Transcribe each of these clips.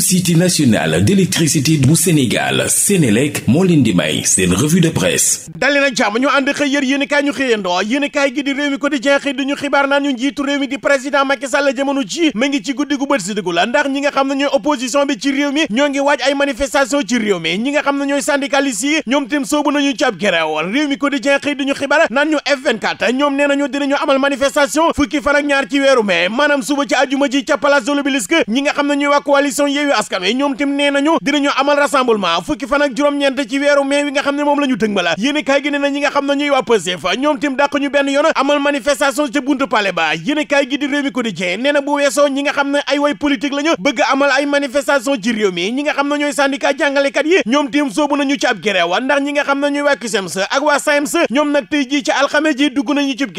société nationale d'électricité bu Sénégal Sénélec moo leen di may seen revue de presse dali jàmm ñu ànd xëy yër yéenekaay ñu xëyandoo yéenekaay gi di réew mi quotidien xëy duñu xibaar naan ñu njiitu réew mi di président Macky Sall jamono ji ma ngi ci guddi gu bët si dugg la ndax ñi nga xam ne ñooy opposition bi ci réew mi ñoo ngi waaj ay manifestation ci réew mi ñi nga xam ne ñooy syndicalistes yi ñoom tim soobu nañu ci ab réew mi yeewi askan wi ñoom tim nee nañu dinañu amal rassemblement fukki fan juróom-ñeent ci weeru mai wi nga xam ne moom la ñu dëgmala yéen kaay gi nee ñi nga xam ne ñuy waa Pastef ñoom tim dàq ñu benn yoon amal manifestation ca buntu palais ba yéen kaay gi ñi nga xam ne ñu bëgg amal ay manifestation ci réew mi ñi nga xam ne ñooy syndicat jàngalekat yi ñoom tim ci ab gréew ndax ñi nga xam ne ñooy waa CUSEMS ak waa SAEMS ñoom nag tey jii ci alxames ji dugg nañu ci bu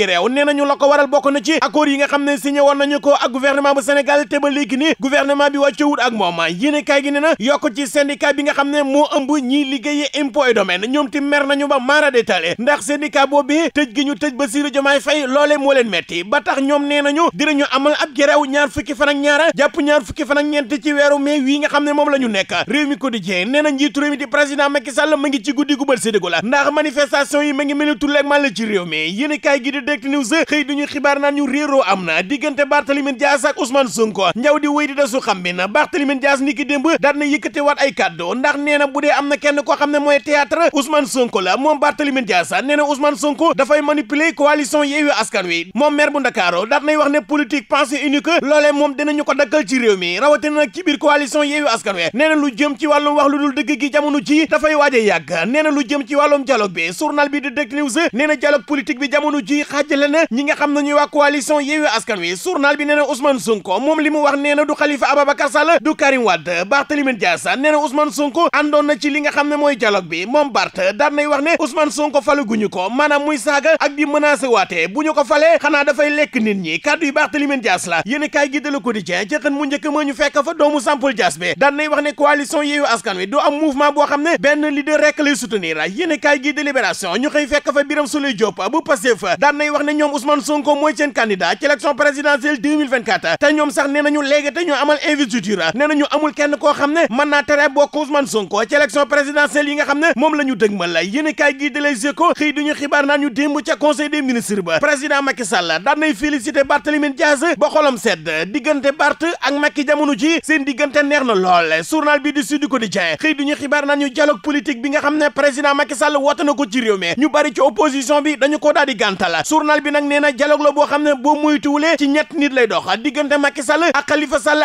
Sénégal moom yéene kaay gi ne na yokk ci syndicat bi nga xam ne moo ëmb ñiy liggéeyee impôt et domaine ñoom ti mer nañu ba maara détaillé ndax syndicat boobee tëj gi ñu tëj ba siiru jomaay fay loolee moo leen metti ba tax ñoom nee nañu dinañu amal ab gerew ñaar fukki fan ñaara jàpp ñaar fukki fan ak ci weeru mai wii nga xam ne moom la ñu nekk réew mi quotidien nee na njiitu réew mi di président Macky Sall ma ci guddi gu bët séddigu la ndax manifestation Barthélémy Dias ni ki démb daan na yëkkatewaat ay kàddu ndax nee na bu dee am kenn koo xam ne mooy théâtre Ousmane Sonko la moom Barthélémy Dias nee na Ousmane Sonko dafay manipuler coalition Yewwi Askan Wi moom maire bu Ndakaaru daan nay wax ne politique pensée unique loolee moom dinañu ko dakkal réew mi rawatina nag ci biir coalition Yewwi Askan na lu jëm ci wàllum wax lu dul dëgg gi jamono ji dafay waaj a nee na lu jëm ci wàllum dialogue bi journal bi di Direct News nee na dialogue politique bi jamono ji xaajale ñi nga xam ne ñuy waa coalition Yewwi Askan Wi journal bi nee na Ousmane Sonko moom li mu wax nee na du Khalifa Ababacar Sall du Karim Wade Barthélémy Dias nee na Ousmane Sonko na ci li nga xam ne mooy dialogue bi moom Bart daan nay wax ne Ousmane Sonko falaguñu ko maanaam muy saaga ak di menacé waate bu ñu ko falee xanaa dafay lekk nit ñi kàddu yi Barthélémy Dias la yéen a kaay gi de Le Quotidien ci mu njëkk ma ñu fekk fa doomu Sampol Dias bi daan nay wax ne coalition Yewwi Askan Wi du am mouvement boo xam ne benn leader rek lay soutenir yéen a kaay gi de Libération ñu xëy nañu amul kenn koo xam ne mën naa tere bokk Ousmane Sonko ci élection présidentielle yi nga xam ne moom la ñu la yéen kaay gii de Les Échos xëy xibaar naa ñu démb ca conseil des ministres ba président Macky Sall daan nay félicité Barthélémy Dias ba xolam sedd diggante Bart ak Macky jamono ji seen diggante neex na lool journal bi di Sud Quotidien xëy duñu xibaar naa ñu dialogue politique bi nga xam ne président Macky Sall woote na ko ci réew ñu bari bi ko daal di gàntal journal bi nag na dialogue la boo xam ne boo muytuwulee ci ñett nit lay dox diggante Macky Sall ak Khalifa Sall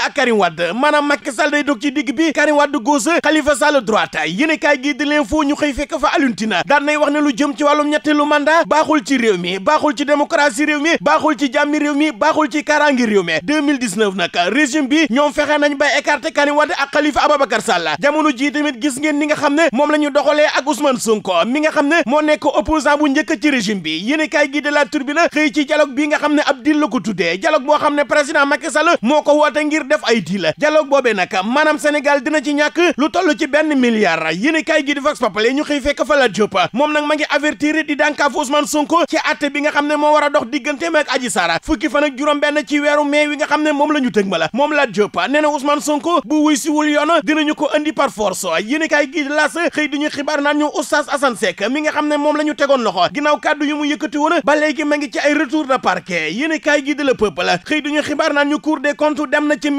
Macky Sall digg bi Karim Wade gauche Khalifa Sall droite kaay gii di l'info xëy fekk fa Alioune Tine daan wax ne lu jëm ci wàllum ñetteelu mandat baaxul ci réew mi baaxul ci démocratie réew mi baaxul ci jàmmi mi baaxul ci kaaraangi réew mi 2019 nag régime bi ñoom fexe nañ ba écarté Karim Wade a Khalifa Ababacar Sall jamono jii tamit gis ngeen ni nga xam ne moom la ñu doxalee ak Ousmane Sonko mi nga xam ne moo nekk opposant bu njëkk ci régime bi yéen kaay gii di La Tribune xëy ci dialogue bi nga xam ne ab deal la ko tuddee dialogue boo xam ne président Macky Sall moo ko woote ngir def ay deal dialogue boobee boobee nag maanaam Sénégal dina ci ñàkk lu toll ci benn milliard yéen kaay gi di Vox Populi ñu xëy fekk fa Lat Diop moom nag ma ngi avertir di dànkaafu Ousmane Sonko ci àtte bi nga xam ne a dox digganteem ak Adji Sarr fukki fan ak juróom benn ci moom la ñu tëg ma la moom Lat Diop nee na Ousmane bu wuy siwul yoon dinañu ko andi par force yéen kaay gi L'As xëy di ñu xibaar naan ñu Oustaz Assane Seck mi nga xam ne moom la ñu tegoon loxo ginnaaw kàddu yu mu yëkkati woon ba léegi ma ngi ci ay retour de parquet yéen na ci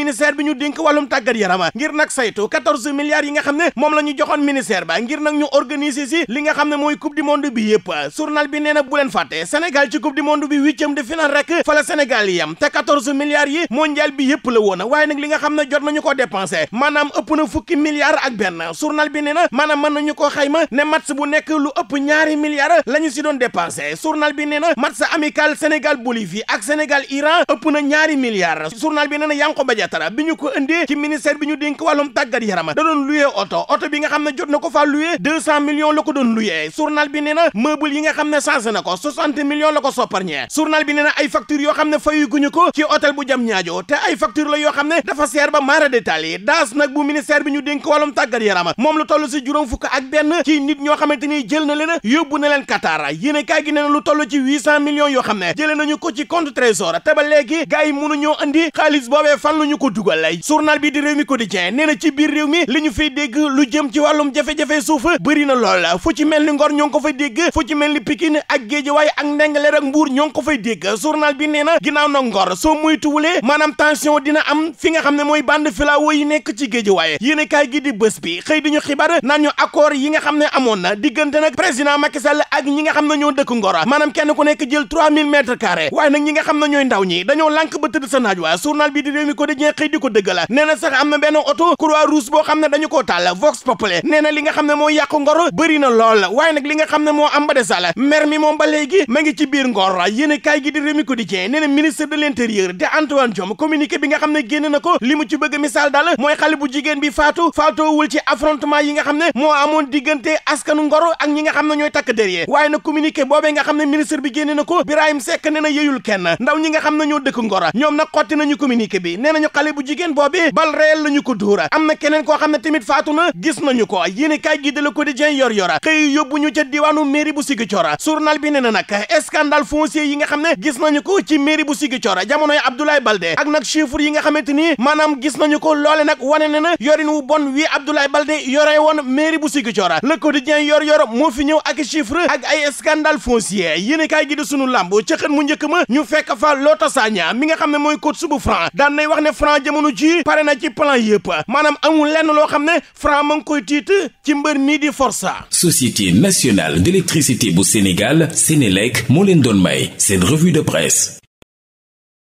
tàggat yarama ngir nag saytu 14 milliards yi nga xam ne moom la ñu joxoon ministère ba ngir nag ñu organiser si li nga xam ne mooy coupe du monde bi yëpp journal bi nee na bu leen fàtte Sénégal ci coupe du monde bi huitième de finale rek fa la Sénégal yi am te 14 milliards yi mondial bi yëpp la woon waaye nag li nga xam ne jot nañu ko dépensé maanaam ëpp na fukki milliards ak benn journal bi nee na maanaam mën nañu ko xayma ne match bu nekk lu ëpp ñaari milliards la ñu si doon dépensé journal bi nee na match amical Sénégal Bolivie ak Sénégal Iran ëpp na ñaari milliards journal bi nee na Yankhoba Diattara bi ñu ko indee ci ministère bi ñu dénk wàllum tàggat yarama da doon ne jot na ko faa luyee deux cent millions la ko doon luyee journal nga xam ne changé na ko soixante millions la ko sopparñee journal bi nee na ay factures yoo xam ne fayuguñu ko ci hôtel bu jam ñaajo te ay facture la yoo xam ne dafa seer ba maara détail yi daas nag bu ministère bi ñu mu wàllum tàggat yarama moom lu toll si juróom fukk ak benn ci nit ñoo xamante ni jël na leen yóbbu na leen Qatar yéene kaay gi nee na lu toll ci huit cent millions yoo xam ne jëlee nañu ko ci compte trésor te ba léegi gars yi mënuñoo andi xaalis boobee fan lu ñu ko dugal lay journal bi di Rewmi Quotidien nee na ci biir réew mi li ñu fiy dégg lu jëm ci wàllum jafe-jafe suuf bëri na lool fu ci mel ni Ngor ñoo ngi ko fay dégg fu ci mel ni Pikine ak Guédiawaye ak Ndengler ak Mbour ñoo ngi ko fay dégg journal bi nee na ginnaaw na Ngor soo moytuwulee maanaam tension dina am fi nga xam ne mooy bande filao yi nekk ci Guédiawaye yéen kaay gi di bés bi xëy diñu xibaar naan ñu accord yi nga xam ne amoon na diggante nag président Macky Sall ak ñi nga xam ne ñoo dëkk Ngor maanaam kenn ku nekk jël 3000 mètres carrés waaye nag ñi nga xam ne ñooy ndaw ñi dañoo lànk ba tëdd sa naaj wa bi di ko dëgg la sax am na benn oto croix boo xam ne dañu koo tàll vox populi nee na li nga xam ne moo yàqu ngor bëri na la waaye nag li nga xam ne moo am ba desal mer mi moom ba léegi ma ngi ci biir ngor yéen kaay gi di Rewmi Quotidien nee na ministre de l'intérieur de Antoine Diome communiqué bi nga xam ne génn na ko li mu ci bëgg misaal daal mooy xale bu jigéen bi faatu faatoowul ci affrontement yi nga xam ne moo amoon diggante askanu ngor ak ñi nga xam ne ñooy takk derrière waaye nag communiqué boobee nga xam ne ministre bi génne na ko Birahim Seck nee na yeyul kenn ndaw ñi nga xam ne ñoo dëkk ngor ñoom nag xotti nañu communiqué bi nee bu jigéen boobee bal balle réelle la ñu ko dóora am na keneen koo xam ne tamit faatu na gis nañu ko yéen kaay gi de Le Quotidien yor a xëy yóbbu ñu ca diwaanu mairie bu Ziguinchor journal bi ne na nag scandale yi nga xam ne gis nañu ko ci mairie bu Ziguinchor jamonoy Abdoulaye Baldé ak nag chiffre yi nga xamante ni maanaam gis nañu ko loole nag wane ne yorin wu bon wi Abdoulaye Baldé yore woon mairie bu Ziguinchor Le Quotidien yor yor moo fi ñëw ak chiffre ak ay ci plan yëpp maanaam amul lenn loo xam ne Franc ma ngi koy tiit ci mbër mii di Forza. Société nationale d'électricité bu Sénégal Sénélec moo leen doon may seen revue de presse.